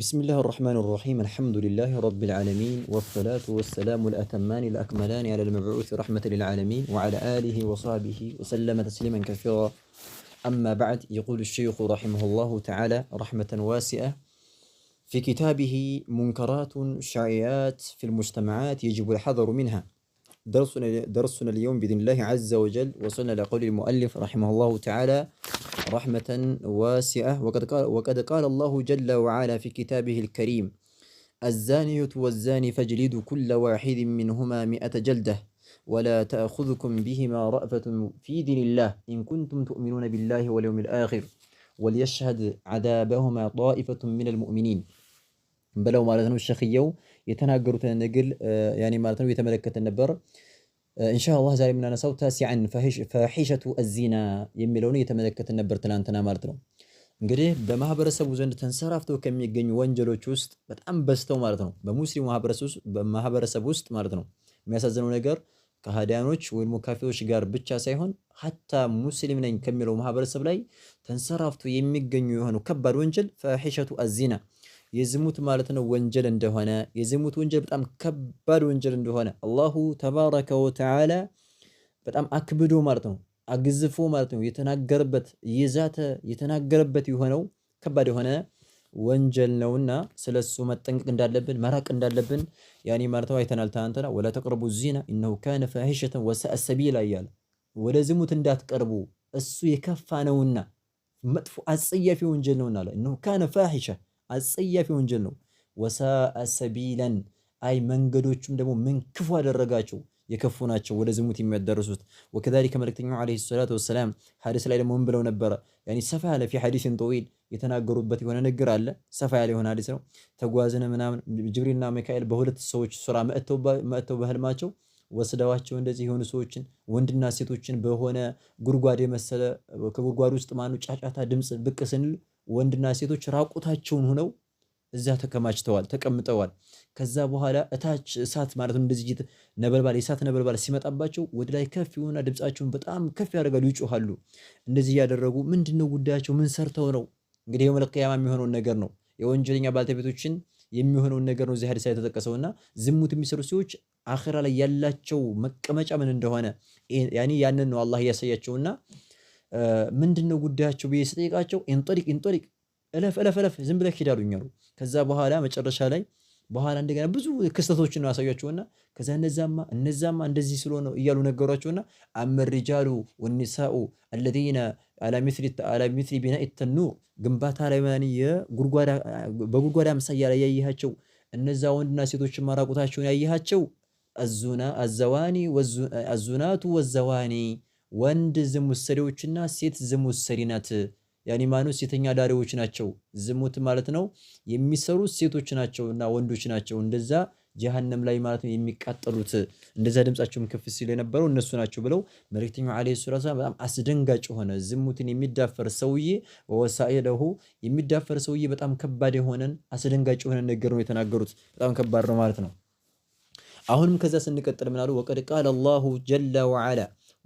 بسم الله الرحمن الرحيم الحمد لله رب العالمين والصلاة والسلام الأتمان الأكملان على المبعوث رحمة للعالمين وعلى آله وصحبه وسلم تسليما كثيرا أما بعد يقول الشيخ رحمه الله تعالى رحمة واسعة في كتابه منكرات شائعات في المجتمعات يجب الحذر منها درسنا درسنا اليوم بإذن الله عز وجل وصلنا لقول المؤلف رحمه الله تعالى رحمة واسعة وقد قال, وقد قال الله جل وعلا في كتابه الكريم الزانية والزاني فاجلدوا كل واحد منهما مئة جلدة ولا تأخذكم بهما رأفة في دين الله إن كنتم تؤمنون بالله واليوم الآخر وليشهد عذابهما طائفة من المؤمنين بلو ما الشيخ الشخيو የተናገሩትን ንግል ያኔ ማለት ነው የተመለከትን ነበር። ኢንሻአላህ ዛሬ የምናነሳው ታሲዐን ፈሒሸቱ አዚና የሚለውን የተመለከትን ነበር ትናንትና ማለት ነው። እንግዲህ በማህበረሰቡ ዘንድ ተንሰራፍተው ከሚገኙ ወንጀሎች ውስጥ በጣም በዝተው ማለት ነው በሙስሊም ማህበረሰብ ውስጥ ማለት ነው። የሚያሳዝነው ነገር ከሃዲያኖች ወይም ካፊሮች ጋር ብቻ ሳይሆን ሀታ ሙስሊም ነኝ ከሚለው ማህበረሰብ ላይ ተንሰራፍቶ የሚገኙ የሆነው ከባድ ወንጀል ፈሒሸቱ አዚና የዝሙት ማለት ነው ወንጀል እንደሆነ የዝሙት ወንጀል በጣም ከባድ ወንጀል እንደሆነ አላሁ ተባረከ ወተዓላ በጣም አክብዶ ማለት ነው አግዝፎ ማለት ነው የተናገረበት የዛተ የተናገረበት የሆነው ከባድ የሆነ ወንጀል ነውና ስለሱ መጠንቀቅ እንዳለብን መራቅ እንዳለብን ያኔ ማለት አይተናል። ትናንትና ወላ ተቅርቡ ዚና ኢነሁ ካነ ፋሂሸተን ወሰአ ሰቢላ እያለ ወደ ዝሙት እንዳትቀርቡ እሱ የከፋ ነውና መጥፎ አጸያፊ ወንጀል ነውና አለ። ኢነሁ ካነ ፋሂሸ አጸያፊ ወንጀል ነው። ወሳአ ሰቢለን አይ መንገዶቹም ደግሞ ምን ክፉ አደረጋቸው የከፉ ናቸው ወደ ዝሙት የሚያደርሱት። ወከዛሊከ መልእክተኛው ዓለይሂ ሰላቱ ወሰላም ሐዲስ ላይ ደግሞ ምን ብለው ነበረ? ያኒ ሰፋ ያለ ፊ ሐዲስን ጠዊል የተናገሩበት የሆነ ንግር አለ። ሰፋ ያለ የሆነ ሐዲስ ነው። ተጓዝን ምናምን ጅብሪልና ሚካኤል በሁለት ሰዎች ሱራ መጥተው በህልማቸው ወስደዋቸው እንደዚህ የሆኑ ሰዎችን ወንድና ሴቶችን በሆነ ጉድጓድ የመሰለ ከጉድጓድ ውስጥ ማኑ ጫጫታ ድምፅ ብቅ ስንል ወንድና ሴቶች ራቁታቸውን ሆነው እዛ ተከማችተዋል፣ ተቀምጠዋል። ከዛ በኋላ እታች እሳት ማለት ነው እንደዚህ ነበልባል የእሳት ነበልባል ሲመጣባቸው ወደ ላይ ከፍ ይሆና ድምጻቸውን በጣም ከፍ ያደርጋሉ፣ ይጮሃሉ። እንደዚህ እያደረጉ ምንድነው ጉዳያቸው? ምን ሰርተው ነው? እንግዲህ የውመል ቂያማ የሚሆነውን ነገር ነው የወንጀለኛ ባልተቤቶችን የሚሆነውን ነገር ነው እዚህ ሀዲስ ላይ ዝሙት የሚሰሩ ሰዎች አኺራ ላይ ያላቸው መቀመጫ ምን እንደሆነ ያንን ነው አላህ እያሳያቸውና ምንድን ጉዳያቸው ብዬ ስጠይቃቸው ኢንጠሪቅ ኢንጠሪቅ እለፍ እለፍ እለፍ ዝም ብለህ ሂድ አሉኝ አሉ። ከዛ በኋላ መጨረሻ ላይ በኋላ እንደገና ብዙ ክስተቶችን ነው ያሳያቸውና ከዛ እነዛማ እነዛማ እንደዚህ ስለሆነ እያሉ ነገሯቸውና አመሪጃሉ ወኒሳኡ አለዚነ አላ ሚስሊ ቢና ተኑ ግንባታ ላይ በጉድጓዳ ምሳያ ላይ ያየሃቸው እነዛ ወንድና ሴቶች ማራቁታቸውን ያየሃቸው አዙና አዘዋኒ አዙናቱ ወዘዋኒ ወንድ ዝሙት ሰሪዎችና ሴት ዝሙት ሰሪ ናት። ማኑ ሴተኛ ዳሪዎች ናቸው። ዝሙት ማለት ነው የሚሰሩ ሴቶች ናቸው እና ወንዶች ናቸው እንደዛ ጀሃነም ላይ ማለት ነው የሚቃጠሉት። እንደዛ ድምጻቸውም ከፍ ሲል የነበረው እነሱ ናቸው ብለው መልእክተኛው ዓለይሂ ሰላቱ ወሰላም በጣም አስደንጋጭ ሆነ። ዝሙትን የሚዳፈር ሰውዬ ወሳኢለሁ የሚዳፈር ሰውዬ በጣም ከባድ የሆነን አስደንጋጭ የሆነ ነገር ነው የተናገሩት። በጣም ከባድ ነው ማለት ነው። አሁንም ከዛ ስንቀጥል ምናሉ ወቀድ ቃለ አላሁ ጀለ ወዐላ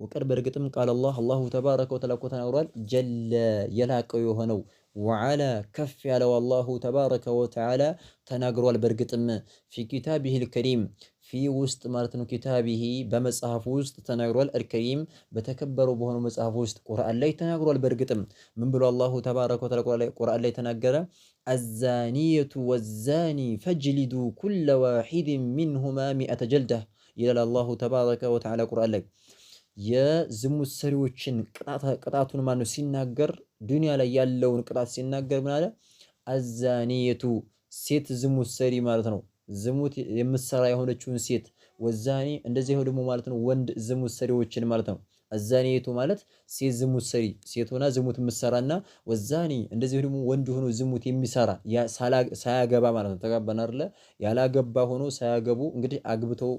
ውቅር በእርግጥም ቃል አላህ አላሁ ተባረከ ወተዓላ ተናግሯል። ጀለ የላቀው የሆነው ወዓላ ከፍ ያለው አላሁ ተባረከ ወተዓላ ተናግሯል። በእርግጥም ፊ ኪታቢሂል ከሪም ፊ ውስጥ ማለት ነው። ኪታቢሂ በመጽሐፍ ውስጥ ተናግሯል። አልከሪም በተከበረው በሆነው መጽሐፍ ውስጥ ቁርአን ላይ ተናግሯል። በእርግጥም ምን ብሎ አላሁ ተባረከ ወተዓላ ቁርአን ላይ ተናገረ? አዛኒየቱ ወዛኒ ፈጅሊዱ ኩለ ዋሂድ ሚንሁማ ሚአተ ጀልዳ ይላል አላሁ ተባረከ ወተዓላ ቁርአን ላይ የዝሙት ሰሪዎችን ቅጣቱን ማነው ሲናገር ዱንያ ላይ ያለውን ቅጣት ሲናገር ምን አለ? አዛኒየቱ ሴት ዝሙት ሰሪ ማለት ነው። ዝሙት የምትሰራ የሆነችውን ሴት ወዛኒ፣ እንደዚህ ደግሞ ማለት ነው ወንድ ዝሙት ሰሪዎችን ማለት ነው። አዛኒየቱ ማለት ሴት ዝሙት ሰሪ ሴት ሆና ዝሙት የምትሰራና ወዛኒ፣ እንደዚህ ደግሞ ወንድ ሆኖ ዝሙት የሚሰራ ሳያገባ ማለት ነው። ተጋባን አይደለ? ያላገባ ሆኖ ሳያገቡ እንግዲህ አግብተው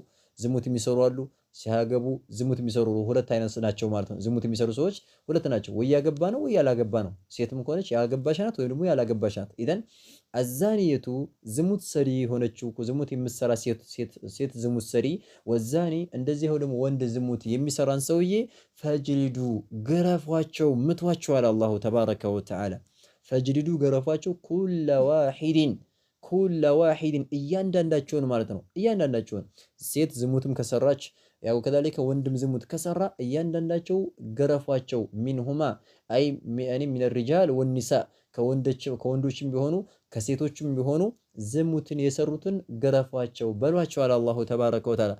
ዝሙት የሚሰሩ አሉ። ሲያገቡ ዝሙት የሚሰሩ ሁለት አይነት ናቸው ማለት ነው። ዝሙት የሚሰሩ ሰዎች ሁለት ናቸው፣ ወይ ያገባ ነው ወይ ያላገባ ነው። ሴትም ከሆነች ያገባሽ ናት ወይ ደግሞ ያላገባሽ ናት። ኢዘን አዛኒየቱ ዝሙት ሰሪ የሆነችው ዝሙት የምትሰራ ሴት ዝሙት ሰሪ ወዛኒ፣ እንደዚህ ሆ ደግሞ ወንድ ዝሙት የሚሰራን ሰውዬ ፈጅልዱ፣ ገረፏቸው፣ ምቷቸው አለ አላሁ ተባረከ ወተዓላ። ፈጅልዱ ገረፏቸው ኩለ ዋሂድን ኩለ ዋሂድን እያንዳንዳቸውን ማለት ነው። እያንዳንዳቸውን ሴት ዝሙትም ከሰራች ያው ከዛሊከ ወንድም ዝሙት ከሰራ እያንዳንዳቸው ገረፏቸው። ሚንሁማ አይ ሚአኒ ሚን ሪጃል ወኒሳ ከወንዶችም ቢሆኑ ከሴቶችም ቢሆኑ ዝሙትን የሰሩትን ገረፏቸው በሏቸዋል። አላሁ ተባረከ ወተዓላ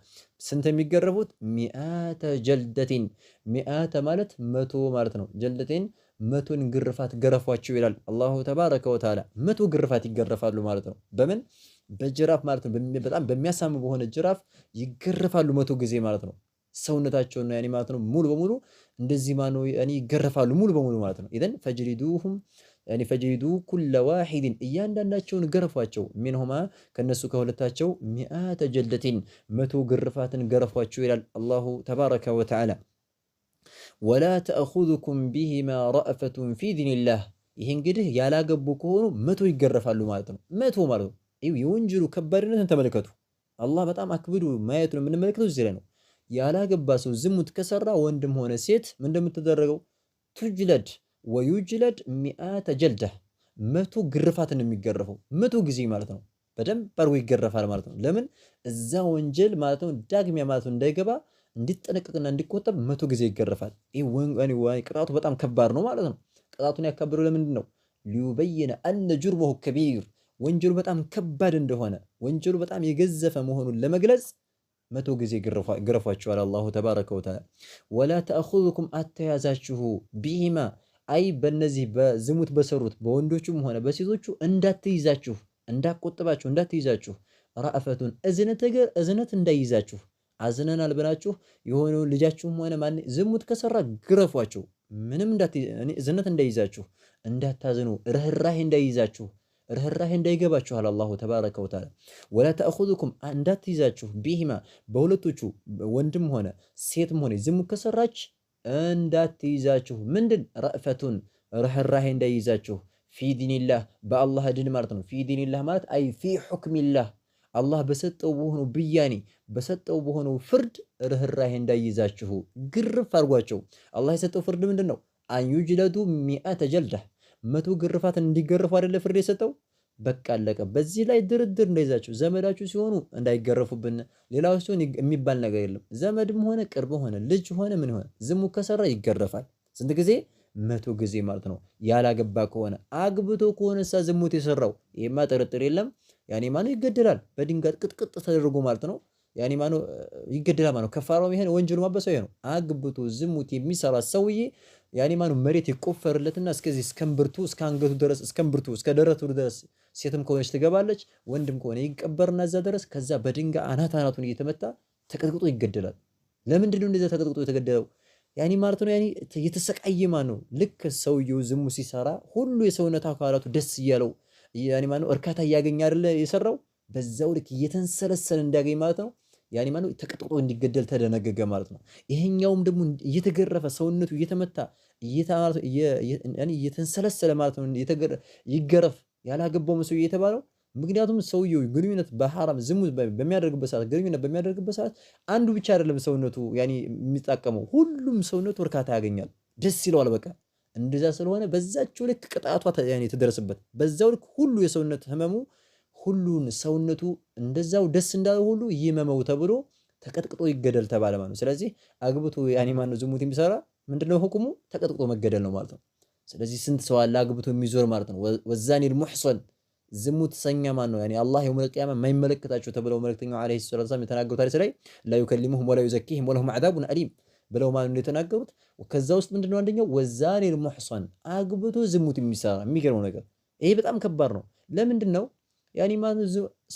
ስንት የሚገረፉት ሚአተ ጀልደቲን ሚአተ ማለት መቶ ማለት ነው። ጀልደቲን መቶን ግርፋት ገረፏቸው ይላል አላሁ ተባረከ ወተዓላ። መቶ ግርፋት ይገረፋሉ ማለት ነው በምን በጅራፍ ማለት ነው። በጣም በሚያሳም በሆነ ጅራፍ ይገረፋሉ መቶ ጊዜ ማለት ነው። ሰውነታቸውና ያኔ ማለት ነው ሙሉ በሙሉ እንደዚህ ማነው ያኔ ይገረፋሉ ሙሉ በሙሉ ማለት ነው። ኢዘን ፈጅሊዱሁም ያኔ ፈጅሊዱ ኩለ ዋሂድን እያንዳንዳቸውን ገረፏቸው። ሚንሁማ ከነሱ ከሁለታቸው ሚአተ ጀልደቲን መቶ ግርፋትን ገረፏቸው ይላል አላሁ ተባረከ ወተዓላ። ወላ ተአኹዙኩም ቢሂማ ረእፈቱን ፊ ዲንላህ። ይሄ እንግዲህ ያላገቡ ከሆኑ መቶ ይገረፋሉ ማለት ነው። መቶ ማለት ነው የወንጀሉ ከባድነትን ተመልከቱ። አላህ በጣም አክብዱ ማየቱ የምንመለከተው እዚህ ላይ ነው። ያላገባ ሰው ዝሙት ከሰራ ወንድም ሆነ ሴት ምን እንደምትደረገው ቱጅለድ ወዩጅለድ ሚአተ ጀልዳ መቶ ግርፋትን የሚገረፈው መቶ ጊዜ ማለት ነው። በደንብ አድርጎ ይገረፋል ማለት ነው። ለምን እዛ ወንጀል ማለት ነው ዳግሚያ ማለት ነው እንዳይገባ እንዲጠነቀቅና እንዲቆጠብ መቶ ጊዜ ይገረፋል። ቅጣቱ በጣም ከባድ ነው ማለት ነው። ቅጣቱን ያካበደው ለምንድን ነው? ሊዩበይነ አነ ጁርመሁ ከቢር ወንጀሉ በጣም ከባድ እንደሆነ ወንጀሉ በጣም የገዘፈ መሆኑን ለመግለጽ መቶ ጊዜ ግረፏችኋል። አላሁ ተባረከ ወተዓላ ወላ ተአኹዙኩም አተያዛችሁ ቢሂማ አይ በነዚህ በዝሙት በሰሩት በወንዶቹም ሆነ በሴቶቹ እንዳትይዛችሁ እንዳቆጥባችሁ እንዳትይዛችሁ ረአፈቱን እዝነት እንዳይይዛችሁ አዝነናል ብላችሁ የሆነ ልጃችሁም ሆነ ማን ዝሙት ከሰራ ግረፏቸው። ምንም እዝነት እንዳይይዛችሁ እንዳታዝኑ፣ ርህራሄ እንዳይይዛችሁ ርህራሄ እንዳይገባችኋል አላሁ ተባረከ ወተዓላ ወላ ተአኹዙኩም እንዳትይዛችሁ ቢሂማ በሁለቶቹ ወንድም ሆነ ሴትም ሆነ ዝሙ ከሰራች እንዳትይዛችሁ ምንድን ረእፈቱን ርህራሄ እንዳይይዛችሁ ፊ ዲኒላህ በአላህ ድን ማለት ነው። ፊ ዲኒላህ ማለት አይ ፊ ሑክሚላህ አላህ በሰጠው በሆነው ብያኔ በሰጠው በሆነው ፍርድ ርህራሄ እንዳይይዛችሁ ግርፍ አድርጓቸው። አላህ የሰጠው ፍርድ ምንድን ነው? አንዩጅለዱ ሚአተ ጀልዳህ መቶ ግርፋት እንዲገርፉ አይደለ ፍርድ የሰጠው። በቃ አለቀ። በዚህ ላይ ድርድር እንደይዛችሁ ዘመዳችሁ ሲሆኑ እንዳይገረፉብን ሌላ ሲሆን የሚባል ነገር የለም። ዘመድም ሆነ ቅርብ ሆነ ልጅ ሆነ ምን ሆነ ዝሙ ከሰራ ይገረፋል። ስንት ጊዜ? መቶ ጊዜ ማለት ነው። ያላገባ ከሆነ አግብቶ ከሆነ እሳ ዝሙት የሰራው ይሄማ ጥርጥር የለም። ያኔ ማነው ይገደላል፣ በድንጋይ ቅጥቅጥ ተደርጎ ማለት ነው። ያኔ ማነው ይገደላል ማለት ነው። ከፋራው ይሄን ወንጀሉ ማበሰው ይሄ ነው። አግብቶ ዝሙት የሚሰራ ሰውዬ ያኔ ማኑ መሬት ይቆፈርለትና እስከዚህ እስከምብርቱ እስከ አንገቱ ድረስ እስከምብርቱ እስከ ደረቱ ድረስ ሴትም ከሆነች ትገባለች፣ ወንድም ከሆነ ይቀበርና እዛ ድረስ ከዛ በድንጋይ አናት አናቱን እየተመታ ተቀጥቅጦ ይገደላል። ለምንድን ነው እንደዛ ተቀጥቅጦ የተገደለው? ያኔ ማለት ነው ያኔ የተሰቃየ ማን ነው። ልክ ሰውየው ዝሙ ሲሰራ ሁሉ የሰውነት አካላቱ ደስ እያለው ያኔ ነው እርካታ እያገኘ አይደለ የሰራው በዛው ልክ እየተንሰለሰለ እንዲያገኝ ማለት ነው። ያኔ ማን ነው ተቀጥቅጦ እንዲገደል ተደነገገ ማለት ነው። ይሄኛውም ደግሞ እየተገረፈ ሰውነቱ እየተመታ እየተንሰለሰለ ማለት ነው። ይገረፍ ያላገባው ሰውዬ የተባለው ምክንያቱም ሰውየው ግንኙነት በሐራም ዝሙት በሚያደርግበት ሰዓት ግንኙነት በሚያደርግበት ሰዓት አንዱ ብቻ አይደለም ሰውነቱ የሚጠቀመው የሚጣቀመው ሁሉም ሰውነቱ እርካታ ያገኛል፣ ደስ ይለዋል። በቃ እንደዛ ስለሆነ በዛቸው ልክ ቅጣቷ የተደረስበት በዛው ልክ ሁሉ የሰውነት ህመሙ ሁሉን ሰውነቱ እንደዛው ደስ እንዳለ ሁሉ ይመመው ተብሎ ተቀጥቅጦ ይገደል ተባለ ማለት ነው። ስለዚህ አግብቶ ያኔ ማነው ዝሙት የሚሰራ ምንድነው ህቁሙ ተቀጥቅጦ መገደል ነው ማለት ነው። ስለዚህ ስንት ሰው አለ አግብቶ የሚዞር ማለት ነው። ወዛኒል ዝሙት ሰኛ ማን ነው? ያኔ አላህ የውመል ቂያማ የማይመለከታቸው ተብለው መልእክተኛው ዓለይሂ ሰላቱ ወሰላም የተናገሩት አዲስ ላይ ላ ዩከሊሙሁም ወላ ዩዘኪሂም ወለሁም ዓዛቡን አሊም ብለው ማለት ነው የተናገሩት። ከዛ ውስጥ ምንድነው አንደኛው ወዛኒል ሙሕሰን አግብቶ ዝሙት የሚሰራ የሚገርመው ነገር ይሄ በጣም ከባድ ነው። ለምንድን ነው ያኔ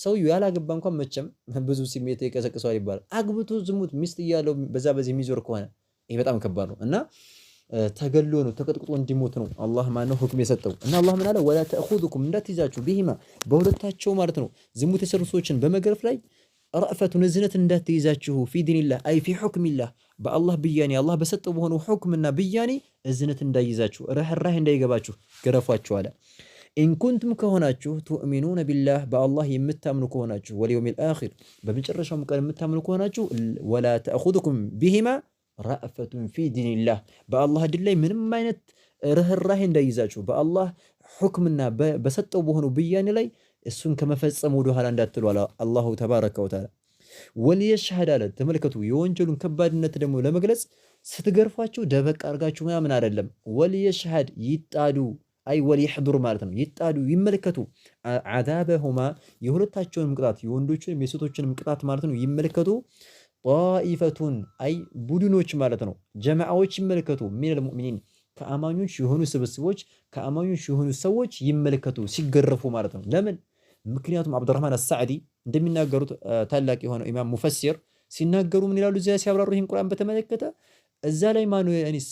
ሰውዬው ያላገባ እንኳን መቼም ብዙ ስሜት ይቀሰቅሰዋል ይባላል። አግብቶ ዝሙት ሚስት እያለው በዛ በዚህ የሚዞር ከሆነ ይሄ በጣም ከባድ ነው እና ተገሎ ነው ተቀጥቅጦ እንዲሞት ነው አላህ ማነው ሁክም የሰጠው። እና አላህ ምን አለ? ወላ ተእኹዙኩም እንዳትይዛችሁ ቢሂማ በሁለታቸው ማለት ነው ዝሙት የሰሩ ሰዎችን በመገረፍ ላይ ረእፈቱን እዝነት እንዳትይዛችሁ ፊ ዲንላህ አይ ፊ ሑክሚላህ በአላህ ብያኔ አላህ በሰጠው በሆነ ሑክምና ብያኔ እዝነት እንዳይዛችሁ ርህራህ እንዳይገባችሁ ገረፏችሁ አለ። ኢንኩንቱም ከሆናችሁ ቱእሚኑነ ቢላህ በአላህ የምታምኑ ከሆናችሁ ወልየውሚል አኺር በመጨረሻውም ቀን የምታምኑ ከሆናችሁ ወላ ተእኹዙኩም ቢሂማ ረእፈቱን ፊ ዲንላህ በአላህ ድን ላይ ምንም አይነት ርህራሄ እንዳይዛችሁ በአላህ ሁክምና በሰጠው በሆኑ ብያኔ ላይ እሱን ከመፈጸም ወደኋላ እንዳትሉ አላሁ ተባረከ ወተዓላ ወልየሽሀድ አለ። ተመልከቱ የወንጀሉን ከባድነት ደግሞ ለመግለጽ ስትገርፏቸው ደበቅ አድርጋችሁ ምናምን አይደለም። ወልየሽሀድ ይጣዱ፣ አይ ወልየሕዱር ማለት ነው። ይጣዱ፣ ይመልከቱ። አዛበሁማ የሁለታቸውንም ቅጣት የወንዶችንም የሴቶችንም ቅጣት ማለት ነው። ይመልከቱ ጣኢፈቱን አይ ቡድኖች ማለት ነው። ጀማዓዎች ይመለከቱ ሚን ሙእሚኒን ከአማኞች የሆኑ ስብስቦች ከአማኞች የሆኑ ሰዎች ይመለከቱ ሲገረፉ ማለት ነው። ለምን? ምክንያቱም አብዱራህማን አሳዕዲ እንደሚናገሩት ታላቅ የሆነ ኢማም ሙፈሲር ሲናገሩ ምን ይላሉ? እዚያ ሲያብራሩ ይህን ቁርአን በተመለከተ እዛ ላይ ማኑ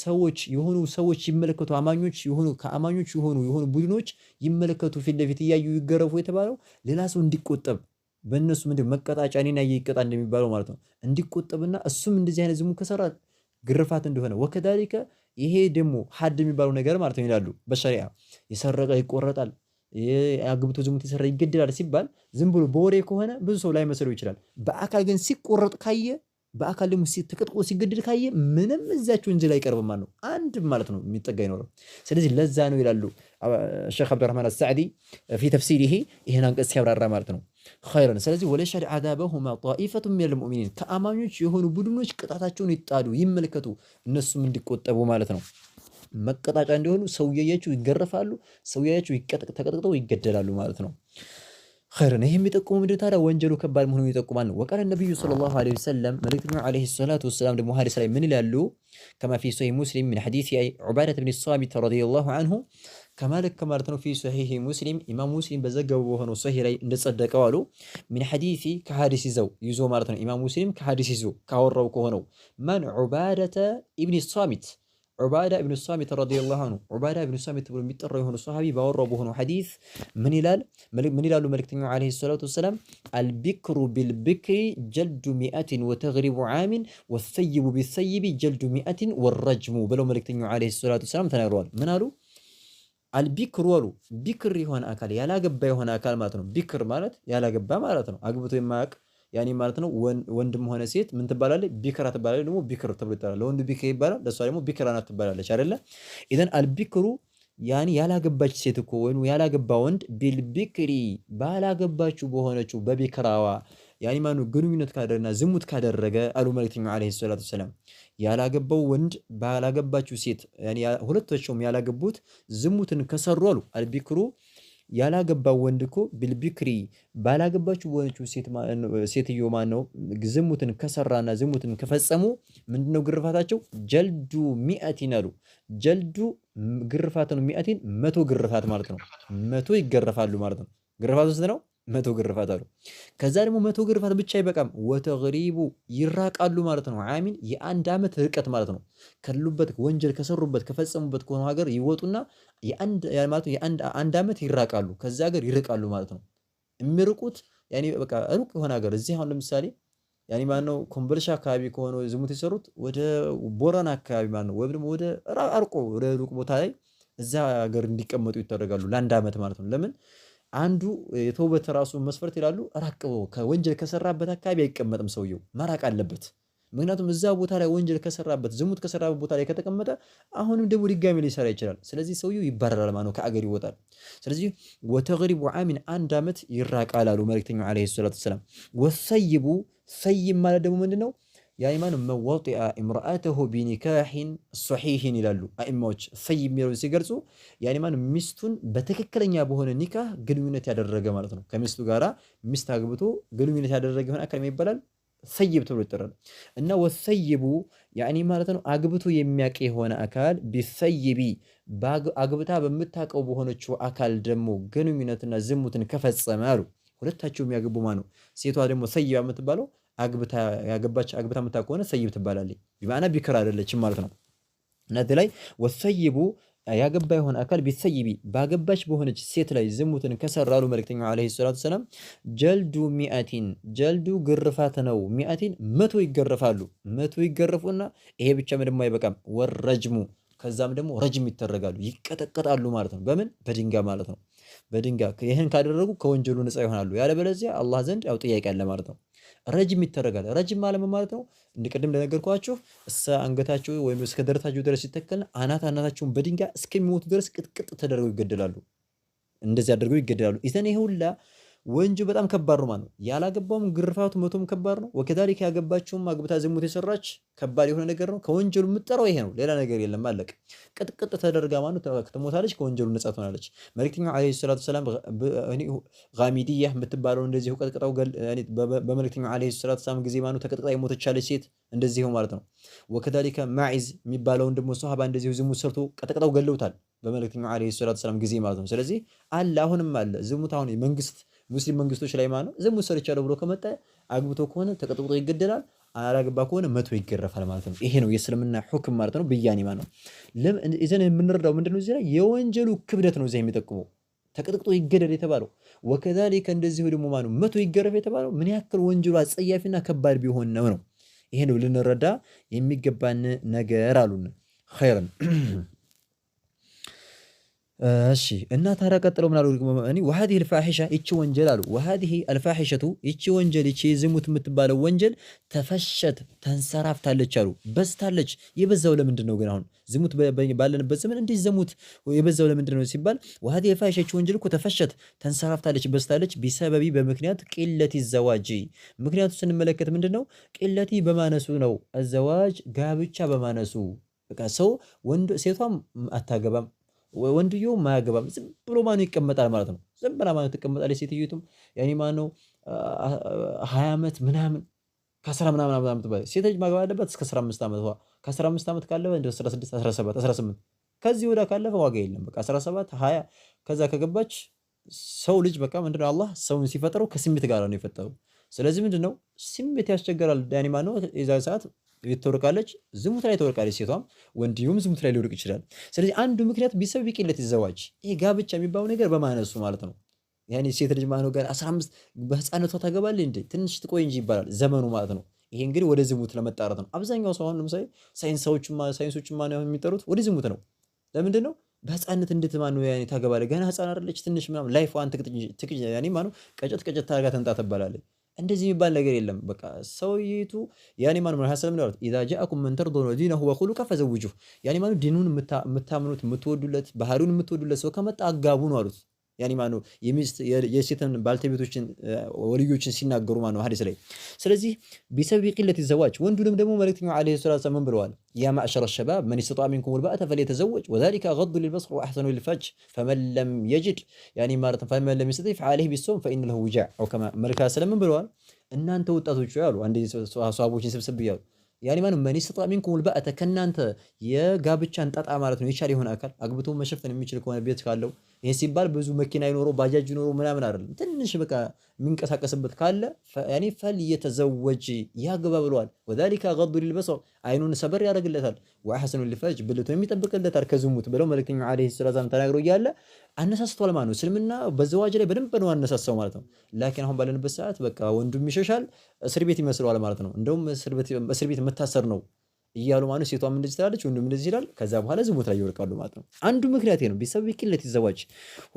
ሰዎች የሆኑ ሰዎች ይመለከቱ አማኞች የሆኑ ከአማኞች የሆኑ የሆኑ ቡድኖች ይመለከቱ ፊት ለፊት እያዩ ይገረፉ የተባለው ሌላ ሰው እንዲቆጠብ በእነሱ ምንድን መቀጣጫ እኔን ያየ ይቀጣ እንደሚባለው ማለት ነው እንዲቆጠብና እሱም እንደዚህ አይነት ዝሙ ከሰራ ግርፋት እንደሆነ ወከዳሪከ ይሄ ደግሞ ሀድ የሚባለው ነገር ማለት ነው ይላሉ። በሸሪያ የሰረቀ ይቆረጣል፣ አግብቶ ዝሙት የሰራ ይገድላል ሲባል ዝም ብሎ በወሬ ከሆነ ብዙ ሰው ላይ መሰለው ይችላል። በአካል ግን ሲቆረጥ ካየ፣ በአካል ደግሞ ተቀጥቆ ሲገድል ካየ ምንም እዚያቸው እንጂ ላይ ቀርብ ማለት ነው አንድ ማለት ነው የሚጠጋ ይኖረው። ስለዚህ ለዛ ነው ይላሉ ሼክ አብዱራህማን አሳዕዲ ፊ ተፍሲር ይሄ ይህን አንቀጽ ሲያብራራ ማለት ነው ኸይረን። ስለዚህ ወለሽሀድ ዓዛበሁማ ጣኢፈቱ ሚነል ሙእሚኒን ከአማኞች የሆኑ ቡድኖች ቅጣታቸውን ይጣሉ ይመልከቱ፣ እነሱም እንዲቆጠቡ ማለት ነው። መቀጣጫ እንዲሆኑ ሰው ይገረፋሉ፣ ሰው እያያችሁ ተቀጥቅጠው ይገደላሉ ማለት ነው። ኸይረን። ይህ የሚጠቁሙ ምንድን ታዲያ ወንጀሉ ከባድ መሆኑን ይጠቁማል ነው። ወቃለ ነቢዩ ሰለላሁ ዐለይሂ ወሰለም መልእክተኛው ዐለይሂ ሰላቱ ወሰላም ደግሞ ሐዲስ ላይ ምን ይላሉ? ከማ ፊ ሶሒህ ሙስሊም ሚን ሐዲስ ዑባደተ ብኒ ሷሚት ረዲየላሁ ዐንሁ ከማለክ ማለት ነው ፊ ሶሒህ ሙስሊም ኢማም ሙስሊም በዘገቡ በሆነው ሰሂህ ላይ እንደጸደቀው አሉ ሚን ሐዲሲ ከሐዲስ ይዘው ይዞ ማለት ነው ኢማም ሙስሊም ከሐዲስ ይዞ ካወራው ከሆነው ማን ዑባደተ ኢብኒ ሷሚት ዑባዳ ኢብኑ ሷሚት ረዲየላሁ አንሁ ዑባዳ ኢብኑ ሷሚት ብሎ የሚጠራው የሆነ ሶሐቢ ባወራው በሆነው ሐዲስ ምን ይላል? ምን ይላሉ መልእክተኛው ዓለይሂ ሰላቱ ወሰላም አልቢክሩ ቢልቢክሪ ጀልዱ ሚአትን ወተግሪቡ ዓሚን ወሰይቡ ቢሰይቢ ጀልዱ ሚአትን ወረጅሙ ብለው መልእክተኛው ዓለይሂ ሰላቱ ወሰላም ተናግረዋል። ምን አሉ? አልቢክር ወሉ ቢክር የሆነ አካል ያላገባ የሆነ አካል ማለት ነው። ቢክር ማለት ያላገባ ማለት ነው። አግብቶ የማያውቅ ያኔ ማለት ነው። ወንድም ሆነ ሴት ምን ትባላለች? ቢክራ ትባላለች። ደግሞ ቢክር ተብሎ ይጠራል። ለወንዱ ቢክር ይባላል፣ ለእሷ ደግሞ ቢክራ ትባላለች አይደለ? ኢዘን አልቢክሩ ያኔ ያላገባች ሴት እኮ ወይም ያላገባ ወንድ ቢልቢክሪ ባላገባችው በሆነችው በቢክራዋ የአሊማኑ ግንኙነት ካደረገና ዝሙት ካደረገ አሉ መልእክተኛው ዓለይሂ ሰላቱ ወሰላም። ያላገባው ወንድ ባላገባችው ሴት ሁለታቸውም ያላገቡት ዝሙትን ከሰሩ አሉ አልቢክሩ ያላገባው ወንድ እኮ ቢልቢክሪ ባላገባችው ወንቹ ሴትዮ ማን ነው ዝሙትን ከሰራና ዝሙትን ከፈጸሙ ምንድነው ግርፋታቸው? ጀልዱ ሚአቲን አሉ ጀልዱ ግርፋት ነው። ሚአቲን መቶ ግርፋት ማለት ነው። መቶ ይገረፋሉ ማለት ነው። ግርፋት ውስጥ ነው መቶ ግርፋት አሉ። ከዛ ደግሞ መቶ ግርፋት ብቻ አይበቃም፣ ወተግሪቡ ይራቃሉ ማለት ነው። አሚን የአንድ ዓመት ርቀት ማለት ነው። ከሉበት ወንጀል ከሰሩበት ከፈጸሙበት ከሆነ ሀገር ይወጡና የአንድ ዓመት ይራቃሉ፣ ከዚ ሀገር ይርቃሉ ማለት ነው። የሚርቁት ሩቅ የሆነ ሀገር እዚህ አሁን ለምሳሌ ያኔ ማነው ኮምቦልቻ አካባቢ ከሆነ ዝሙት የሰሩት ወደ ቦረና አካባቢ ማነው ወይም ደግሞ ወደ አርቆ ወደ ሩቅ ቦታ ላይ እዛ ሀገር እንዲቀመጡ ይደረጋሉ ለአንድ ዓመት ማለት ነው። ለምን አንዱ የተውበት ራሱ መስፈርት ይላሉ ራቅ ከወንጀል ከሰራበት አካባቢ አይቀመጥም። ሰውየው መራቅ አለበት። ምክንያቱም እዛ ቦታ ላይ ወንጀል ከሰራበት ዝሙት ከሰራበት ቦታ ላይ ከተቀመጠ አሁንም ደግሞ ድጋሚ ሊሰራ ይችላል። ስለዚህ ሰውየው ይባረራል ማለት ነው፣ ከአገር ይወጣል። ስለዚህ ወተቅሪቡ ዓሚን አንድ ዓመት ይራቃል አሉ መልክተኛው ዓለይሂ ሰላቱ ወሰላም። ወሰይቡ ሰይም ማለት ደግሞ ምንድን ነው? የአይማን መወጢአ እምርአተሁ ቢኒካሒን ሶሒሒን ይላሉ አእማዎች። ሰይብ የሚለውን ሲገልጹ የአይማን ሚስቱን በትክክለኛ በሆነ ኒካህ ግንኙነት ያደረገ ማለት ነው። ከሚስቱ ጋራ ሚስት አግብቶ ግንኙነት ያደረገ የሆነ አካል ይባላል ሰይብ ተብሎ ይጠራል። እና ወሰይቡ ያኒ ማለት ነው አግብቶ የሚያቅ የሆነ አካል ቢሰይቢ አግብታ በምታውቀው በሆነችው አካል ደግሞ ግንኙነትና ዝሙትን ከፈጸመ አሉ። ሁለታቸው የሚያገቡ ማነው? ሴቷ ደግሞ ሰይባ የምትባለው አግብታ ያገባች አግብታ መታ ከሆነ ሰይብ ትባላለች። ቢማዕና ቢክር አይደለችም ማለት ነው። እነዚህ ላይ ወሰይቡ ያገባ የሆነ አካል ቢሰይቢ ባገባች በሆነች ሴት ላይ ዝሙትን ከሰራሉ መልክተኛው ዓለይሂ ሰላቱ ሰላም ጀልዱ ሚአቲን ጀልዱ ግርፋት ነው። ሚአቲን መቶ ይገረፋሉ። መቶ ይገረፉና ይሄ ብቻ ደግሞ አይበቃም። ወረጅሙ ከዛም ደግሞ ረጅም ይተረጋሉ፣ ይቀጠቀጣሉ ማለት ነው። በምን በድንጋይ ማለት ነው። በድንጋይ ይህን ካደረጉ ከወንጀሉ ነፃ ይሆናሉ። ያለበለዚያ አላህ ዘንድ ያው ጥያቄ አለ ማለት ነው። ረጅም ይተረጋል። ረጅም ማለት ማለት ነው እንቅድም እንደነገርኳችሁ እሰ አንገታቸው ወይም እስከ ደረታቸው ድረስ ሲተከል አናት አናታቸውን በድንጋይ እስከሚሞቱ ድረስ ቅጥቅጥ ተደርገው ይገደላሉ። እንደዚህ አድርገው ይገደላሉ። ይዘን ይሄ ሁላ ወንጁ በጣም ከባድ ነው ማለት ነው። ያላገባውም ግርፋቱ መቶም ከባድ ነው። ወከዛሊክ ያገባችውም አግብታ ዝሙት የሰራች ከባድ የሆነ ነገር ነው። ከወንጀሉ የምትጠራው ይሄ ነው፣ ሌላ ነገር የለም። አለቅ ቅጥቅጥ ተደርጋ ማለት ነው ትሞታለች፣ ከወንጀሉ ነጻ ትሆናለች። መልእክተኛው አለይሂ ሰላቱ ሰላም ጋሚዲያ የምትባለው እንደዚህ ቀጥቅጣው በመልእክተኛው አለይሂ ሰላቱ ሰላም ጊዜ ማኑ ተቀጥቅጣ የሞተቻለች ሴት እንደዚህ ነው ማለት ነው። ወከዛሊከ ማዒዝ የሚባለውን ደግሞ ሶሃባ እንደዚህ ዝሙት ሰርቶ ቀጥቅጣው ገለውታል በመልእክተኛው አለይሂ ሰላቱ ሰላም ጊዜ ማለት ነው። ስለዚህ አለ አሁንም አለ ዝሙት አሁን መንግስት ሙስሊም መንግስቶች ላይ ማለት ነው። ዝሙት ሰርቻለሁ ብሎ ከመጣ አግብቶ ከሆነ ተቀጥቅጦ ይገደላል። አላግባ ከሆነ መቶ ይገረፋል ማለት ነው። ይሄ ነው የእስልምና ሁክም ማለት ነው፣ ብያኔ ማለት ነው። ይዘን የምንረዳው ምንድነው? እዚህ ላይ የወንጀሉ ክብደት ነው እዚህ የሚጠቁመው ተቀጥቅጦ ይገደል የተባለው ወከዛሊከ እንደዚሁ ደግሞ ማለት መቶ ይገረፍ የተባለው ምን ያክል ወንጀሉ አጸያፊና ከባድ ቢሆን ነው ነው። ይሄ ነው ልንረዳ የሚገባን ነገር አሉን ኸይርን እሺ እና ታዲያ ቀጥሎ ምናሉ? እኔ ወሃዲህ አልፋሒሻ ይቺ ወንጀል አሉ። ወሃዲህ አልፋሒሸቱ ይቺ ወንጀል ይቺ ዝሙት የምትባለው ወንጀል ተፈሸት ተንሰራፍታለች አሉ። በዝታለች። የበዛው ለምንድን ነው ግን? አሁን ዝሙት ባለንበት ዘመን እንዲህ ዝሙት የበዛው ለምንድን ነው ሲባል ወሃዲህ አልፋሒሻ ይቺ ወንጀል እኮ ተፈሸት ተንሰራፍታለች፣ በዝታለች። ቢሰበቢ በምክንያት ቂለቲ ይዘዋጂ። ምክንያቱ ስንመለከት ምንድን ነው? ቂለቲ በማነሱ ነው። አዘዋጅ ጋብቻ በማነሱ በቃ ሰው ወንድ ሴቷም አታገባም ወንድዮ ማያገባም ዝም ብሎ ማነው ይቀመጣል ማለት ነው። ዝም ብላ ማነው ትቀመጣለች። ሴትዮቱም ያኔ ማነው ሀያ ዓመት ምናምን ከአስራ ምናምን ዓመት በላይ ሴት ልጅ ማግባት አለባት እስከ አስራ አምስት ዓመት ከአስራ አምስት ዓመት ካለፈ እንደ አስራ ስድስት አስራ ሰባት አስራ ስምንት ከዚህ ወዲያ ካለፈ ዋጋ የለም። በቃ አስራ ሰባት ሀያ ከዛ ከገባች ሰው ልጅ በቃ ምንድን ነው አላህ ሰውን ሲፈጥረው ከስሜት ጋር ነው የፈጠረው። ስለዚህ ምንድን ነው ስሜት ያስቸገራል። ያኔ ማነው የዛ ሰዓት ቤት ተወርቃለች፣ ዝሙት ላይ ተወርቃለች። ሴቷም ወንድየውም ዝሙት ላይ ሊወርቅ ይችላል። ስለዚህ አንዱ ምክንያት ቢሰብ ቢቄለት ይዘዋጅ ይሄ ጋብቻ የሚባለው ነገር በማነሱ ማለት ነው። ያኔ ሴት ልጅ ማነው ጋር 15 በህፃነቷ ታገባለች እንዴ ትንሽ ትቆይ እንጂ ይባላል ዘመኑ ማለት ነው። ይሄ እንግዲህ ወደ ዝሙት ለመጣረት ነው። አብዛኛው ሰው አሁን ለምሳሌ ሳይንሶችማ ነው የሚጠሩት ወደ ዝሙት ነው። ለምንድን ነው በህፃነት እንዴት ማነው ያኔ ታገባለች ገና ህፃን አይደለች ትንሽ ምናምን ያኔ ማነው ቀጨት ቀጨት ታርጋ ተንጣ ትባላለች እንደዚህ የሚባል ነገር የለም። በቃ ሰውይቱ ያኔ ማኑ ምን ሐሰለም ነው ኢዛ ጃአኩም መን ተርዶነ ዲነሁ ወኹሉቀ ፈዘውጁ ያኔ ማኑ ዲኑን የምታምኑት የምትወዱለት ባህሪውን የምትወዱለት ሰው ከመጣ አጋቡ ነው አሉት። ያኔ ማነው የሚስት የሴትን ባልተቤቶችን ወልዮችን ሲናገሩ ማነው ሐዲስ ላይ። ስለዚህ ቢሰብቢ ቂለት ይዘዋጅ ወንዱንም ደግሞ መልእክተኛው ዓለይሂ ሰላቱ ወሰላም ብለዋል፣ ያ ማዕሸረ ሸባብ መን ስተጣ ሚንኩም ወልባአተ ፈልየተዘወጅ ወዛሊከ አገዱ ሊልበስር ወአሕሰኑ ሊልፈጅ ፈመን ለም የጅድ ያኔ ማለት ፈመን ለም ይስተጢዕ ፈዓለይሂ ቢሶም ፈኢነ ለሁ ውጃዕ አው ከማ መልካ ሰለም ብለዋል። እናንተ ወጣቶች ያሉ አንድ ሰሃቦችን ስብስብ ያሉ ያኔ ማነው መን ስተጣ ሚንኩም ወልባአተ ከናንተ የጋብቻን ጣጣ ማለት ነው የቻለ የሆነ አካል አግብቶ መሸፈን የሚችል ከሆነ ቤት ካለው ይህ ሲባል ብዙ መኪና ይኖሮ ባጃጅ ይኖረው ምናምን አይደለም። ትንሽ በቃ የሚንቀሳቀስበት ካለ ያኔ ፈል እየተዘወጅ ያግባ ብለዋል። ወዛሊካ ገዱ ሊልበሰር አይኑን ሰበር ያደርግለታል። ወአሐሰኑ ሊፈጅ ብልቱን የሚጠብቅለታል ከዝሙት ብለው መልእክተኛው ዓለይሂ ሰላም ተናግረው እያለ አነሳስቷል ማለት ነው። እስልምና በዘዋጅ ላይ በደንብ ነው አነሳሳው ማለት ነው። ላኪን አሁን ባለንበት ሰዓት በቃ ወንዱም ይሸሻል፣ እስር ቤት ይመስለዋል ማለት ነው። እንደውም እስር ቤት መታሰር ነው እያሉ ማለት ሴቷም እንደዚህ ትላለች፣ ወንድም እንደዚህ ይላል። ከዛ በኋላ ዝሙት ላይ ይወርቃሉ ማለት ነው። አንዱ ምክንያት ነው ቤተሰብ ቂለት ይዘዋጅ።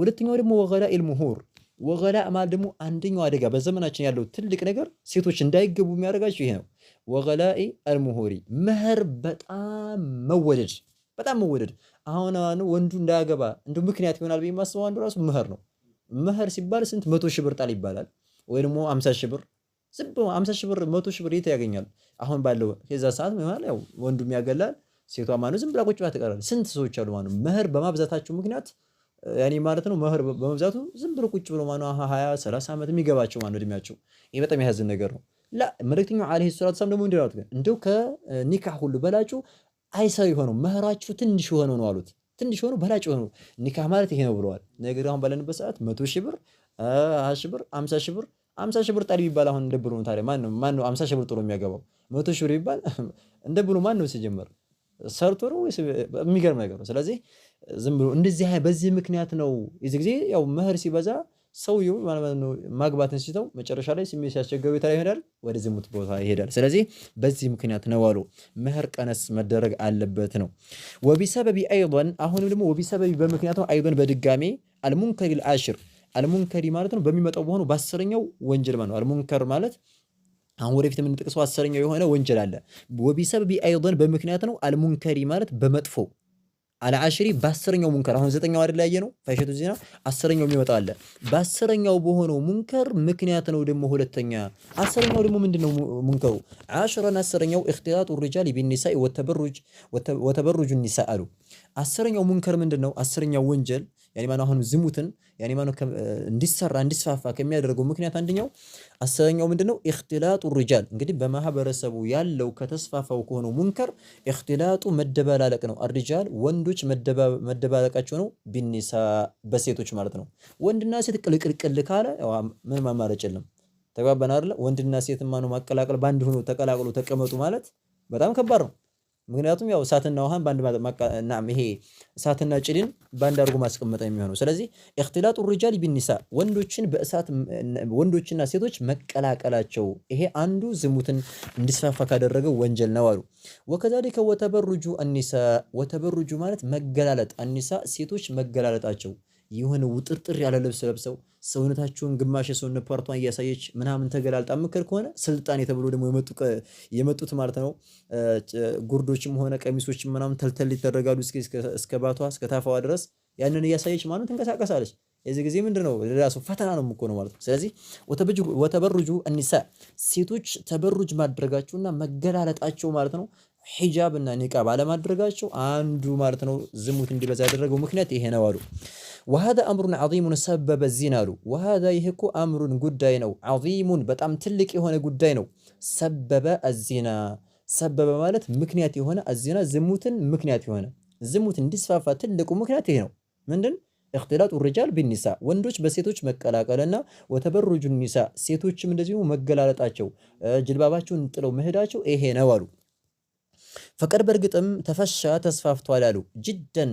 ሁለተኛው ደግሞ ወገላ ኢልሙሁር ወገላ ማለት ደግሞ አንደኛው አደጋ በዘመናችን ያለው ትልቅ ነገር ሴቶች እንዳይገቡ የሚያደርጋቸው ይሄ ነው። ወገላ አልሙሁሪ መህር በጣም መወደድ በጣም መወደድ። አሁን ወንዱ እንዳያገባ እንደ ምክንያት ይሆናል ብዬ የማስበው አንዱ ራሱ መህር ነው። መህር ሲባል ስንት መቶ ሺህ ብር ጣል ይባላል ወይ ደግሞ አምሳ ሺህ ብር ዝም አምሳ ሺህ ብር መቶ ሺህ ብር የት ያገኛል? አሁን ባለው የዛ ሰዓት ማለት ያው ወንዱም ያገላል፣ ሴቷ ማ ዝም ብላ ቁጭ ብላ ትቀራለች። ስንት ሰዎች አሉ ማ መህር በማብዛታቸው ምክንያት ያኔ ማለት ነው መህር በመብዛቱ ዝም ብሎ ቁጭ ብሎ ማለት ነው ሀያ ሰላሳ ዓመት የሚገባቸው ማ እድሜያቸው። ይህ በጣም የያዝን ነገር ነው። ላ መልእክተኛው ዓለይሂ ሰላቱ ሰላም ደግሞ እንደው ግን እንደው ከኒካህ ሁሉ በላጩ አይሰው የሆነው መህራችሁ ትንሽ የሆነው ነው አሉት። ትንሽ የሆነው በላጭ የሆነው ኒካህ ማለት ይሄ ነው ብለዋል። ነገር አሁን ባለንበት ሰዓት መቶ ሺህ ብር፣ ሀያ ሺህ ብር፣ አምሳ ሺህ ብር አምሳ ሺህ ብር ጣል ቢባል አሁን እንደ ብሩ ነው ታዲያ ማነው ማነው አምሳ ሺህ ብር ጥሎ የሚያገባው? መቶ ሺህ ብር ቢባል እንደ ብሩ ማነው ሲጀመር ሰርቶ ነው ወይስ የሚገርም ነገር ነው። ስለዚህ ዝም ብሎ እንደዚህ በዚህ ምክንያት ነው እዚህ ጊዜ ያው መህር ሲበዛ ሰውየው ማለት ነው ማግባትን ሲተው መጨረሻ ላይ ስሜት ሲያስቸገሩ የታ ይሄዳል፣ ወደ ዝሙት ቦታ ይሄዳል። ስለዚህ በዚህ ምክንያት ነው አሉ መህር ቀነስ መደረግ አለበት ነው። ወቢሰበቢ አይን አሁንም ደግሞ ወቢሰበቢ በምክንያቱ አይን በድጋሜ አልሙንከሪል አሽር አልሙንከሪ ማለት ነው በሚመጣው በሆኑ በአስረኛው ወንጀል ማለት ነው። አልሙንከር ማለት አሁን ወደፊት የምንጠቅሰው አስረኛው የሆነ ወንጀል አለ። ወቢሰብቢ አይን በምክንያት ነው። አልሙንከሪ ማለት በመጥፎ አልዓሽሪ በአስረኛው ሙንከር አሁን ዘጠኛው አይደል ያየ ነው ፋይሸቱ ዜና አስረኛው የሚመጣው አለ። በአስረኛው በሆነው ሙንከር ምክንያት ነው ደግሞ ሁለተኛ። አስረኛው ደግሞ ምንድን ነው ሙንከሩ? ዓሽረን አስረኛው እክትላጡ ሪጃል ቢኒሳኢ ወተበሩጅ ኒሳ አሉ አስረኛው ሙንከር ምንድን ነው? አስረኛው ወንጀል ያኔ ማነው አሁን ዝሙትን ያኔ ማነው እንዲሰራ እንዲስፋፋ ከሚያደርገው ምክንያት አንደኛው አስረኛው ምንድን ነው? ኢኽቲላጡ ሪጃል እንግዲህ በማህበረሰቡ ያለው ከተስፋፋው ከሆነው ሙንከር ኢኽቲላጡ መደባላለቅ ነው። አሪጃል ወንዶች መደባለቃቸው ነው። ቢኒሳ በሴቶች ማለት ነው። ወንድና ሴት ቅልቅልቅል ካለ ምንም አማራጭ የለም። ተግባባን አይደለ? ወንድና ሴት ማነው ማቀላቀል በአንድ ሆኖ ተቀላቅሎ ተቀመጡ ማለት በጣም ከባድ ነው። ምክንያቱም ያው እሳትና ውሃን በአንድ ይሄ እሳትና ጭድን በአንድ አድርጎ ማስቀመጥ የሚሆነው። ስለዚህ እክትላጡ ሪጃል ቢኒሳ ወንዶችን በእሳት ወንዶችና ሴቶች መቀላቀላቸው ይሄ አንዱ ዝሙትን እንዲስፋፋ ካደረገው ወንጀል ነው አሉ። ወከዛሊከ ወተበሩጁ አኒሳ ወተበሩጁ ማለት መገላለጥ አኒሳ ሴቶች መገላለጣቸው የሆነ ውጥርጥር ያለ ልብስ ለብሰው ሰውነታቸውን ግማሽ የሰውነት ፓርቷን እያሳየች ምናምን ተገላልጣ ምክር ከሆነ ስልጣኔ ተብሎ ደግሞ የመጡት ማለት ነው። ጉርዶችም ሆነ ቀሚሶችም ምናምን ተልተል ይደረጋሉ እስከ ባቷ እስከ ታፋዋ ድረስ ያንን እያሳየች ማለት ትንቀሳቀሳለች። የዚህ ጊዜ ምንድነው ለሌላ ሰው ፈተና ነው እኮ ነው ማለት ነው። ስለዚህ ወተበሩጁ እኒሳ ሴቶች ተበሩጅ ማድረጋቸውና መገላለጣቸው ማለት ነው ሒጃብ እና ኒቃብ አለማድረጋቸው አንዱ ማለት ነው ዝሙት እንዲበዛ ያደረገው ምክንያት ይሄ ነው አሉ። ወሃዳ አምሩን ዓዚሙን ሰበበ ዚና አሉ። ወሃዳ ይህ እኮ አምሩን ጉዳይ ነው፣ ዓዚሙን በጣም ትልቅ የሆነ ጉዳይ ነው። ሰበበ አዚና ሰበበ ማለት ምክንያት የሆነ አዚና ዝሙትን ምክንያት የሆነ ዝሙት እንዲስፋፋ ትልቁ ምክንያት ይሄ ነው። ምንድን እኽትላጡ ሪጃል ቢኒሳ ወንዶች በሴቶች መቀላቀልና ወተበሩጁ ኒሳ ሴቶችም እንደዚሁ መገላለጣቸው ጅልባባቸውን ጥለው መሄዳቸው ይሄ ነው አሉ። ፈቀድ በእርግጥም ተፈሻ ተስፋፍቷል አሉ። ጅደን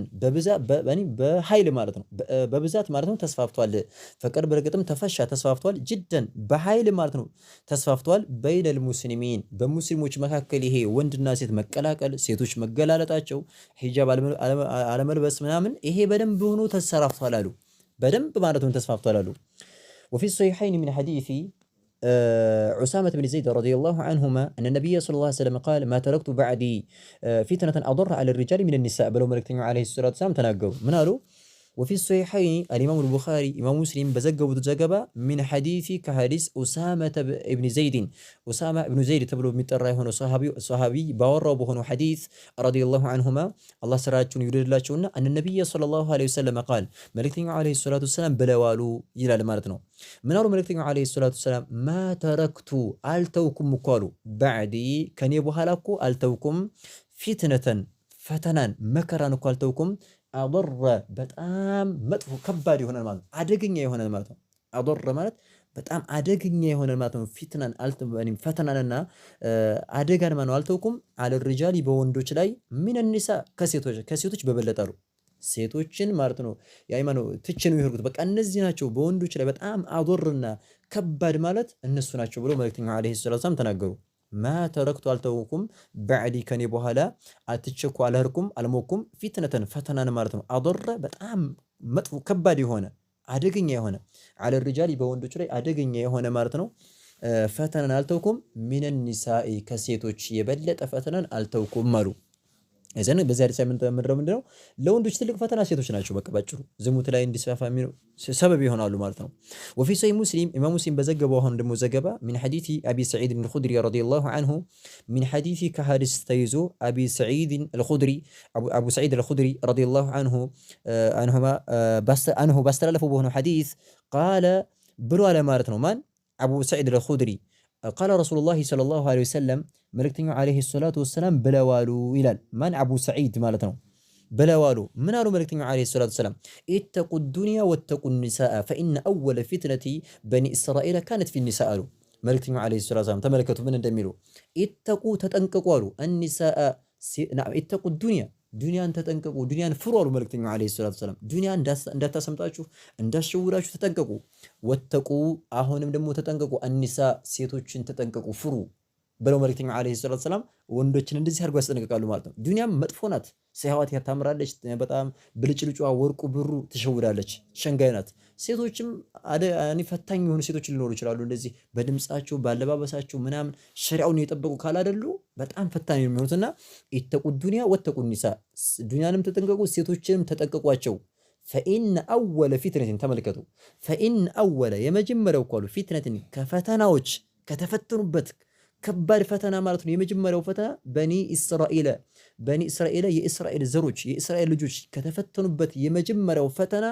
በኃይል ማለት ነው፣ በብዛት ማለት ነው ተስፋፍቷል። ፈቀድ በእርግጥም ተፈሻ ተስፋፍቷል፣ ጅደን በኃይል ማለት ነው ተስፋፍቷል። በይነል ሙስሊሚን በሙስሊሞች መካከል ይሄ ወንድና ሴት መቀላቀል፣ ሴቶች መገላለጣቸው፣ ሂጃብ አለመልበስ ምናምን ይሄ በደንብ ሆኖ ተሰራፍቷል አሉ። በደንብ ማለት ነው ተስፋፍቷል አሉ ወፊ ሶሒሐይን ሚን ሐዲሲ آه، عسامة بن زيد رضي الله عنهما أن النبي صلى الله عليه وسلم قال ما تركت بعدي آه، فتنة أضر على الرجال من النساء بل ملك عليه الصلاة والسلام تناقوا منالو وفي الصحيحين الإمام البخاري إمام مسلم بزق دجاجبا من حديث كحديث أسامة بن زيد أسامة بن زيد تبلو مترى هنا صحابي صحابي باور بهنا حديث رضي الله عنهما الله سراجون يريد الله أن النبي صلى الله عليه وسلم قال ملك عليه الصلاة والسلام بلوالو إلى المارتنو من أرو ملك عليه الصلاة والسلام ما تركت ألتوكم مقالو بعدي كان يبو هلاكو ألتوكم فتنة فتنان መከራን እኳ አረ በጣም መጥፎ ከባድ የሆነ ማለት ነው። አደገኛ የሆነ ማለት ነው። አበረ ማለት በጣም አደገኛ የሆነ ማለት ነው። ፊትናን አልተበኒም ፈተናንና አደጋን ማለት አልተውኩም አለ በወንዶች ላይ ምን እንሳ ከሴቶች ከሴቶች በበለጠሉ ሴቶችን ማለት ነው። ያይማ ትችን የሚሆኑት በቃ እነዚህ ናቸው። በወንዶች ላይ በጣም አበርና ከባድ ማለት እነሱ ናቸው ብሎ መልክተኛ ዓለይሂ ሰላም ተናገሩ። ማ ተረክቱ አልተውኩም በዕዲ ከኔ በኋላ አትቸኩ አልህርኩም አልሞኩም ፊትነተን ፈተናን ማለት ነው። አዶረ በጣም መጥፎ ከባድ የሆነ አደገኛ የሆነ አለ ሪጃሊ በወንዶች ላይ አደገኛ የሆነ ማለት ነው። ፈተናን አልተውኩም ሚነኒሳኢ ከሴቶች የበለጠ ፈተናን አልተውኩም አሉ። እዘን በዚህ አዲስ አመት ምንድነው ምንድነው ለወንዶች ትልቅ ፈተና ሴቶች ናቸው። በቃ ባጭሩ ዝሙት ላይ እንዲስፋፋ ሰበብ ይሆናሉ ማለት ነው። ወፊ ሰይ ሙስሊም ኢማም ሙስሊም በዘገበው አሁን ደግሞ ዘገባ ሚን ሐዲቲ አቢ ሰዒድ አልኹድሪ ረዲየላሁ ዐንሁ ሚን ሐዲቲ ከሐዲስ ተይዞ አቢ ሰዒድ አልኹድሪ አቡ ሰዒድ አልኹድሪ ረዲየላሁ ዐንሁ አንሁማ አንሁ ባስተላለፈው በሆነው ሐዲስ ቃለ ብሏል ማለት ነው። ማን አቡ ሰዒድ አልኹድሪ ቃለ ረሱሉላሂ ሰለላሁ ዐለይሂ ወሰለም መልእክተኛው ዐለይሂ ሰላቱ ወሰላም ብለዋሉ ይላል። ማን አቡ ሰዒድ ማለት ነው። ብለዋሉ ምን አሉ መልእክተኛው ዐለይሂ ሰላቱ ወሰላም ኢተቁ ዱንያ ወተቁ ኒሳአ ፈኢነ አወለ ፊትነቲ በኒ እስራኤል ካነት ፊ ኒሳ አሉ መልእክተኛው ዐለይሂ ሰላቱ ወሰላም። ተመለከቱ ምን እንደሚሉ ኢተቁ ተጠንቀቁ አሉ ኒሳአ ኢተቁ ዱንያ ዱንያን ተጠንቀቁ፣ ዱንያን ፍሩ አሉ መልእክተኛው ዓለይሂ ሰላቱ ወሰላም። ዱንያ እንዳታሰምጣችሁ እንዳሸውዳችሁ ተጠንቀቁ። ወተቁ አሁንም ደግሞ ተጠንቀቁ፣ አኒሳ ሴቶችን ተጠንቀቁ፣ ፍሩ ብለው መልእክተኛው ዓለይሂ ሰላቱ ወሰላም ወንዶችን እንደዚህ አድርገው ያስጠነቅቃሉ ማለት ነው። ዱንያም መጥፎ ናት፣ ሲህዋት ታምራለች፣ በጣም ብልጭልጫ ወርቁ ብሩ ትሸውዳለች፣ ሸንጋይ ናት። ሴቶችም እኔ ፈታኝ የሆኑ ሴቶች ሊኖሩ ይችላሉ። እንደዚህ በድምፃቸው በአለባበሳቸው ምናምን ሸሪያውን የጠበቁ ካላደሉ በጣም ፈታኝ የሚሆኑትና ኢተቁ ዱንያ ወተቁ ኒሳ፣ ዱኒያንም ተጠንቀቁ፣ ሴቶችንም ተጠቀቋቸው። ፈኢን አወለ ፊትነትን ተመልከቱ። ፈኢን አወለ የመጀመሪያው እኮ አሉ ፊትነትን ከፈተናዎች ከተፈተኑበት ከባድ ፈተና ማለት ነው። የመጀመሪያው ፈተና በኒ እስራኤል በኒ እስራኤል የእስራኤል ዘሮች የእስራኤል ልጆች ከተፈተኑበት የመጀመሪያው ፈተና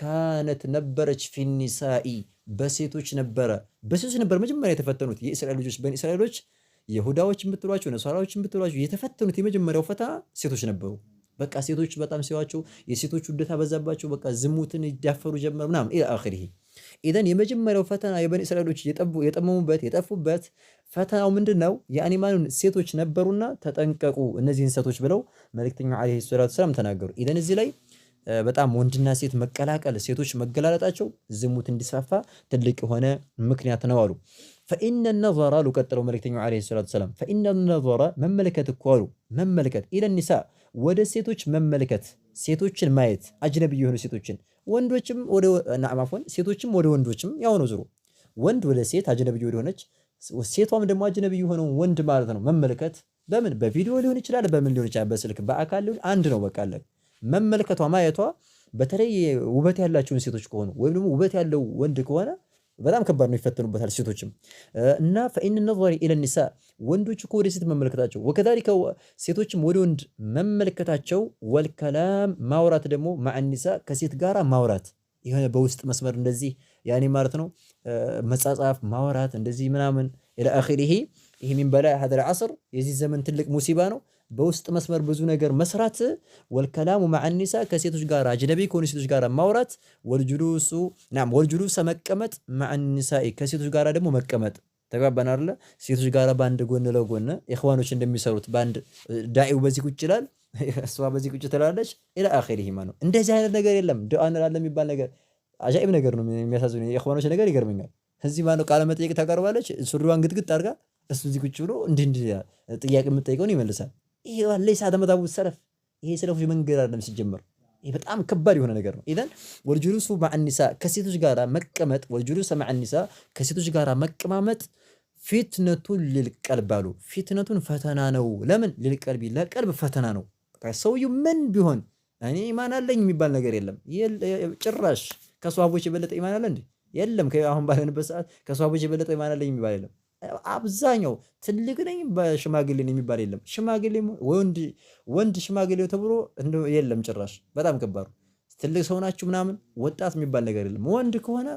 ካነት ነበረች ፊኒሳኢ በሴቶች ነበረ በሴቶች ነበረ መጀመሪያ የተፈተኑት የእስራኤል ልጆች በኒ እስራኤሎች ይሁዳዎች የምትሏቸው ነሷራዎች የምትሏቸው የተፈተኑት የመጀመሪያው ፈተና ሴቶች ነበሩ። በቃ ሴቶች በጣም ሲዋቸው የሴቶች ውደታ በዛባቸው። በቃ ዝሙትን ይዳፈሩ ጀመር ምናምን ኢላ አኺሪ። ኢዘን የመጀመሪያው ፈተና የበኒ እስራኤሎች የጠመሙበት የጠፉበት ፈተናው ምንድን ነው? የአኒማሉን ሴቶች ነበሩና ተጠንቀቁ እነዚህ እንሰቶች ብለው መልእክተኛው ዓለይሂ ሰላቱ ሰላም ተናገሩ። ኢዘን እዚህ ላይ በጣም ወንድና ሴት መቀላቀል ሴቶች መገላለጣቸው ዝሙት እንዲስፋፋ ትልቅ የሆነ ምክንያት ነው አሉ። ፈኢነ ነዘራ አሉ ቀጥለው መልክተኛው ዓለይሂ ሰላቱ ወሰላም ፈኢነ ነዘራ መመልከት እኮ አሉ መመልከት ኢለ ኒሳ ወደ ሴቶች መመልከት ሴቶችን ማየት አጅነቢ የሆኑ ሴቶችን ወንዶችም ወደ ናማፎን ሴቶችም ወደ ወንዶችም ያው ነው ዝሩ ወንድ ወደ ሴት አጅነቢ ወደ ሆነች ሴቷም ደግሞ አጅነቢ የሆነውን ወንድ ማለት ነው መመልከት በምን በቪዲዮ ሊሆን ይችላል በምን ሊሆን ይችላል በስልክ በአካል ሊሆን አንድ ነው በቃ አለ መመልከቷ ማየቷ በተለይ ውበት ያላቸውን ሴቶች ከሆኑ ወይም ደግሞ ውበት ያለው ወንድ ከሆነ በጣም ከባድ ነው፣ ይፈተኑበታል ሴቶችም እና ፈኢን ነዛሪ ኢለ ወንዶች እኮ ወደ ሴት መመልከታቸው ወከዛሊከ ሴቶችም ወደ ወንድ መመልከታቸው ወልከላም ማውራት ደግሞ ማዕ ከሴት ጋራ ማውራት የሆነ በውስጥ መስመር እንደዚህ ያኔ ማለት ነው መጻጻፍ ማውራት እንደዚህ ምናምን ኢለ አኺሪሂ ይህ ሚን በላ ሀደል ዓስር የዚህ ዘመን ትልቅ ሙሲባ ነው። በውስጥ መስመር ብዙ ነገር መስራት፣ ወልከላሙ መዐኒሳ ከሴቶች ጋር አጅነቢ ከሆኑ ሴቶች ጋር ማውራት፣ ወልጁሉሱ ናም ወልጁሉሰ መቀመጥ፣ መዐኒሳኢ ከሴቶች ጋር ደግሞ መቀመጥ። ተግባባን አይደለ? ሴቶች ጋር በአንድ ጎን ለጎን ኢኽዋኖች እንደሚሰሩት በአንድ ዳኢው በዚህ ቁጭ ይላል፣ እሷ በዚህ ቁጭ ትላለች። ኢላ አኺሪሂ ማለት ነው። እንደዚህ አይነት ነገር የለም። ዱዓ እንላለን የሚባል ነገር አጃኢብ ነገር ነው። የሚያሳዝኑ የኢኽዋኖች ነገር ይገርመኛል። እዚህ ማነው ቃለ መጠየቅ ታቀርባለች፣ ሱሪዋን ግጥግጥ አድርጋ እሱ እዚህ ቁጭ ብሎ እንዲህ ጥያቄ የምጠይቀውን ይመልሳል። ይሄ ለይሳ ተመታቡ ሰለፍ ይሄ ሰለፎች መንገድ አይደለም ሲጀመር ይሄ በጣም ከባድ የሆነ ነገር ነው። ኢዘን ወልጁሉሱ ማዕኒሳ ከሴቶች ጋር መቀመጥ ወልጁሉሱ ማዕኒሳ ከሴቶች ጋር መቀማመጥ ፊትነቱን ሊልቀልብ አሉ። ፊትነቱን ፈተና ነው። ለምን ሊልቀልብ ለቀልብ ፈተና ነው። ሰውዬው ምን ቢሆን እኔ ኢማን አለኝ የሚባል ነገር የለም ጭራሽ። ከሷቦች የበለጠ ኢማን አለ እንዴ? የለም። አሁን ባለንበት ሰዓት ከሷቦች የበለጠ ኢማን አለኝ የሚባል የለም። አብዛኛው ትልቅ ነኝ በሽማግሌ ነው የሚባል የለም። ሽማግሌ ወንድ ወንድ ሽማግሌው ተብሎ የለም ጭራሽ። በጣም ከባድ ትልቅ ሰው ናችሁ ምናምን ወጣት የሚባል ነገር የለም። ወንድ ከሆነ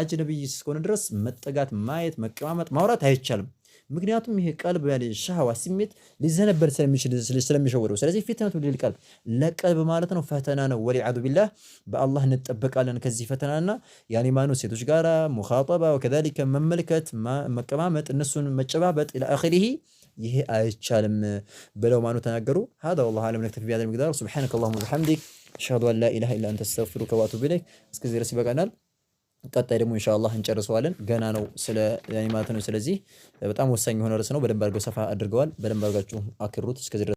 አጅነብይ እስከሆነ ድረስ መጠጋት፣ ማየት፣ መቀማመጥ፣ ማውራት አይቻልም። مكنياتهم هي قلب يعني الشهوة سميت لزنا برسل مش لسلا مش وروس لازم في تنا تقول القلب لا قلب مالتنا وفتنا أنا ولي عدو بالله بأ الله نتبك على نكذي فتنا أنا يعني ما نسيت جارة مخاطبة وكذلك مملكة ما مكمامت الناس متشبابت إلى آخره يه آية شالم بلو ما نتنقروا هذا والله عالم نكتفي بهذا المقدار سبحانك اللهم وبحمدك أشهد أن لا إله إلا أنت أستغفرك وأتوب إليك اسكزي رسي بقى ቀጣይ ደግሞ ኢንሻአላህ እንጨርሰዋለን። ገና ነው ስለ ያኔ ማለት ነው። ስለዚህ በጣም ወሳኝ የሆነ ርዕስ ነው። በደንብ አድርገው ሰፋ አድርገዋል። በደንብ አድርጋችሁ አክሩት እስከዚህ